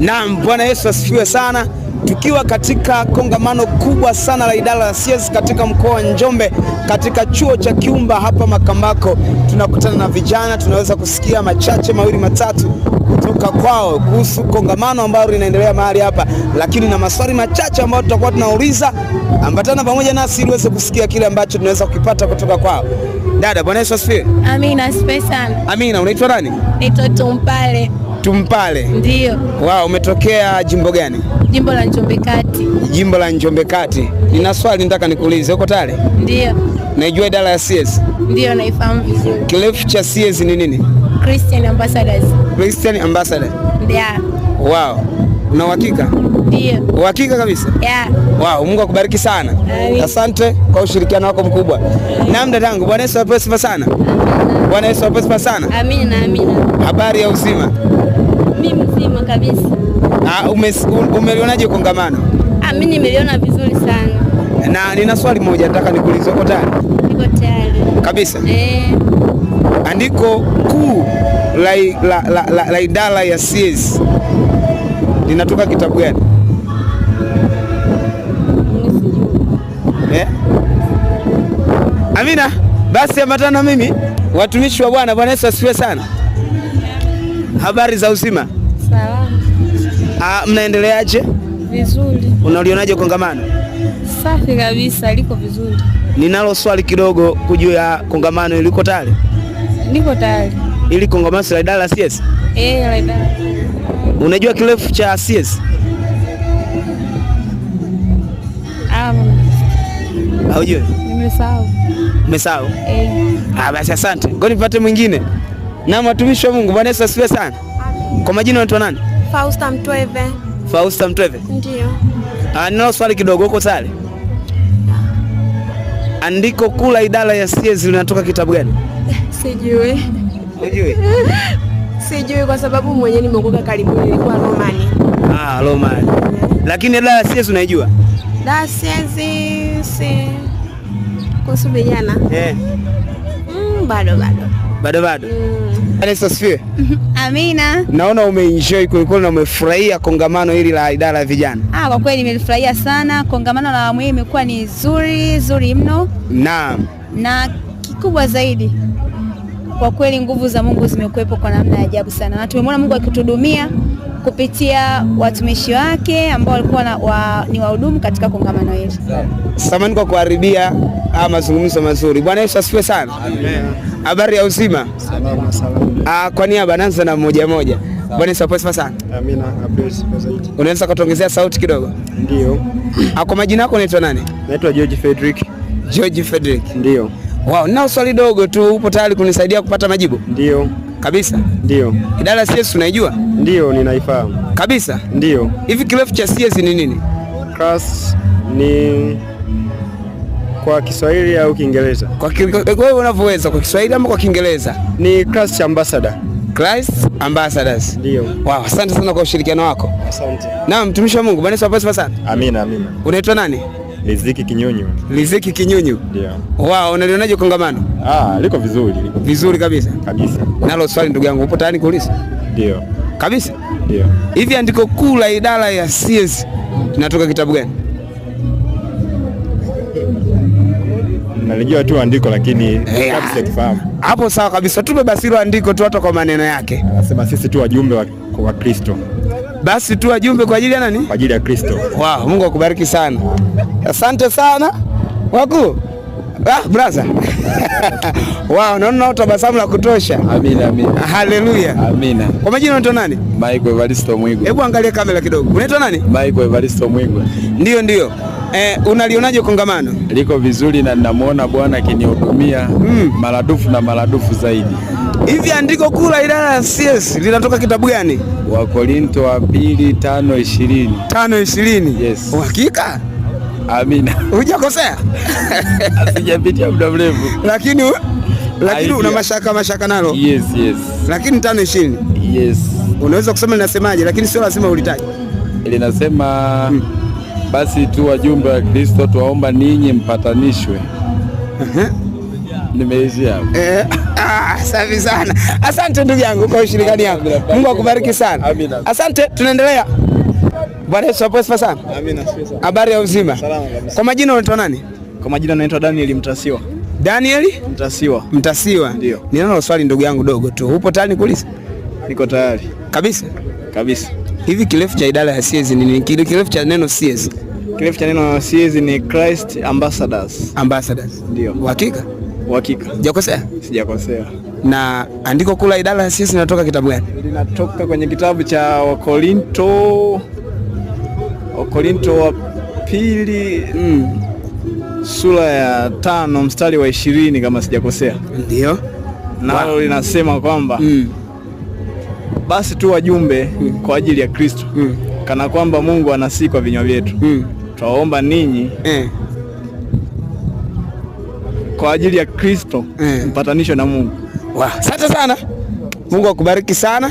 Naam, Bwana Yesu asifiwe sana. Tukiwa katika kongamano kubwa sana la idara ya CS katika mkoa wa Njombe katika chuo cha Kiumba hapa Makambako, tunakutana na vijana, tunaweza kusikia machache mawili matatu kutoka kwao kuhusu kongamano ambalo linaendelea mahali hapa, lakini na maswali machache ambayo tutakuwa tunauliza. Ambatana pamoja nasi ili uweze kusikia kile ambacho tunaweza kukipata kutoka kwao. Dada, Bwana Yesu asifiwe. Amina, asifiwe sana. Amina, unaitwa nani? Naitwa Tumpale. Tumpale. Ndio. Wao umetokea jimbo gani? Jimbo la Njombe Kati. Jimbo la Njombe Kati. Nina swali nataka nikuulize, uko tayari? Ndio. Naijua idara ya CS? Ndio, naifahamu vizuri. Kirefu cha CS ni nini? Christian Ambassadors. Christian Ambassador. Ndio. Wao. Una uhakika? Ndio. Uhakika kabisa? Yeah. Wow, Mungu akubariki sana. Asante kwa ushirikiano wako mkubwa. Naam dadangu, Bwana Yesu apewe sifa sana. Bwana Yesu apewe sifa sana. Amina, amina. Habari ya uzima? Mimi mzima kabisa. Ah, umelionaje kongamano? Ah, mimi nimeliona vizuri sana. Na nina swali moja nataka nikuulize, uko tayari? Niko tayari. Kabisa? Eh. Andiko kuu la, la, la, la, la idara ya CS linatoka kitabu gani? Eh? Amina, basi ambatana mimi watumishi wa Bwana. Bwana Yesu asifiwe sana. Habari za uzima? Salama. Ah, mnaendeleaje? Vizuri. Unalionaje kongamano? Safi kabisa, liko vizuri. Ninalo swali kidogo kujua ya kongamano, iliko tayari? Niko tayari. Ili kongamano la idara CS? Eh, la idara. Unajua kirefu cha CS? Um, ah, haujui? Nimesahau. Umesahau? Eh. Ah, basi asante. Ngoja nipate mwingine na matumishi wa Mungu. Bwana Yesu asifiwe sana. Amen. Kwa majina unaitwa nani? Fausta Mtweve. Fausta Mtweve? Ndio. Ah, ninao swali kidogo, huko sale. Andiko kuu la idara ya CAS linatoka kitabu gani? Sijui. Unajui? Sijui kwa sababu mwenyewe nimeokoka karibu nilikuwa Romani. Ah, Romani. Lakini idara ya CAS unaijua? Da CAS si kuhusu Eh. Yeah. Mm, bado bado bado bado. Mm. Yaani Asifiwe. Amina. Naona umeenjoy kwelikweli na umefurahia kongamano hili la idara ya vijana. Ah, kwa kweli nimefurahia sana kongamano la awamu hii, imekuwa ni zuri zuri mno. Naam. Na kikubwa zaidi kwa kweli nguvu za Mungu zimekuwepo kwa namna ya ajabu sana, na tumemwona Mungu akituhudumia kupitia watumishi wake ambao walikuwa wa, ni wahudumu katika kongamano hili. Samani kwa kuharibia haya mazungumzo mazuri. Bwana Yesu asifiwe sana. Amen. Habari ya uzima? Salama salama. Ah, kwa niaba naanza na mmoja mmoja. Bwana Yesu asifiwe sana. Amina. Unaweza kutuongezea sauti kidogo? Ndio. Ah, kwa majina yako unaitwa nani? Naitwa George Frederick. George Frederick. Ndio. Wow, nao swali dogo tu, upo tayari kunisaidia kupata majibu? Ndio. Kabisa. Ndio. Idara ya CS unaijua? Ndio, ninaifahamu. Kabisa. Ndio. Hivi kirefu cha CS ni nini? Class ni kwa Kiswahili au Kiingereza? Kwa wewe unavyoweza, kwa Kiswahili ama kwa Kiingereza? Ni class ambassador. Class ambassadors. Ndio. Wow, asante sana kwa ushirikiano wako. Asante. Naam, mtumishi wa Mungu, Bwana Yesu sana. Amina, amina. Unaitwa nani? Riziki Kinyunyu. Riziki Kinyunyu. Ndio. Wow, unalionaje kongamano? Ah, liko vizuri, liko vizuri kabisa. Kabisa. Nalo swali ndugu yangu, upo tayari kuuliza? Ndio. Kabisa? Ndio. Hivi andiko kuu la idara ya CS linatoka kitabu gani? Nalijua tu andiko lakini eh, kifahamu. Hapo sawa kabisa, tupe basi hilo andiko tu hata kwa maneno yake. Anasema sisi tu wajumbe wa Kristo basi tu wajumbe kwa ajili ya nani? Kwa ajili ya Kristo. Wow, Mungu akubariki sana, asante sana waku Ah, brother. Wow, naona una tabasamu la kutosha. Amina, amina. Haleluya. Amina. Kwa majina unaitwa nani? Michael Evaristo Mwigwe. Hebu angalia kamera kidogo. Unaitwa nani? Michael Evaristo Mwigwe. Ndio, ndio. Eh, unalionaje kongamano? Liko vizuri na ninamwona Bwana akinihudumia mm. maradufu na maradufu zaidi. Hivi andiko kula la idara ya CS linatoka kitabu gani? Wakorinto wa pili tano ishirini tano ishirini. Yes. Uhakika? Amina. Hujakosea? Sijapitia muda mrefu. Lakini lakini una mashaka mashaka nalo? Yes, yes. Lakini tano ishirini. Yes. Unaweza kusema linasemaje, lakini sio lazima ulitaje. Linasema mm basi tu wajumbe wa Kristo tuwaomba ninyi mpatanishwe. Nimeishia eh, Ah, Safi sana, asante ndugu yangu kwa ushirikani yako. Mungu akubariki sana. Amina. Asante, tunaendelea. Bwana Yesu asifiwe sana. Amina. Habari ya uzima. Salama Kwa majina unaitwa nani? Kwa majina naitwa Daniel Mtasiwa. Daniel Mtasiwa. Mtasiwa. Ndio. ninalo swali ndugu yangu dogo tu. Upo tayari nikuulize? Niko tayari. Kabisa. Kabisa. Hivi kirefu cha idara ya CS ni kirefu cha neno CS? Kirefu cha neno CS ni Christ Ambassadors. Ambassadors. Ndio. Uhakika? Uhakika. Sijakosea? Sijakosea. Na andiko kula idara ya CS linatoka kitabu gani? Linatoka kwenye kitabu cha Wakorinto Wakorinto wa pili mm, sura ya tano mstari wa ishirini kama sijakosea. Ndio. Nalo linasema kwamba mm basi tu wajumbe mm. kwa ajili ya Kristo mm. kana kwamba Mungu anasi kwa vinywa vyetu mm. twaomba ninyi eh. kwa ajili ya Kristo eh. mpatanisho na Mungu. Wow. Asante sana, Mungu akubariki sana.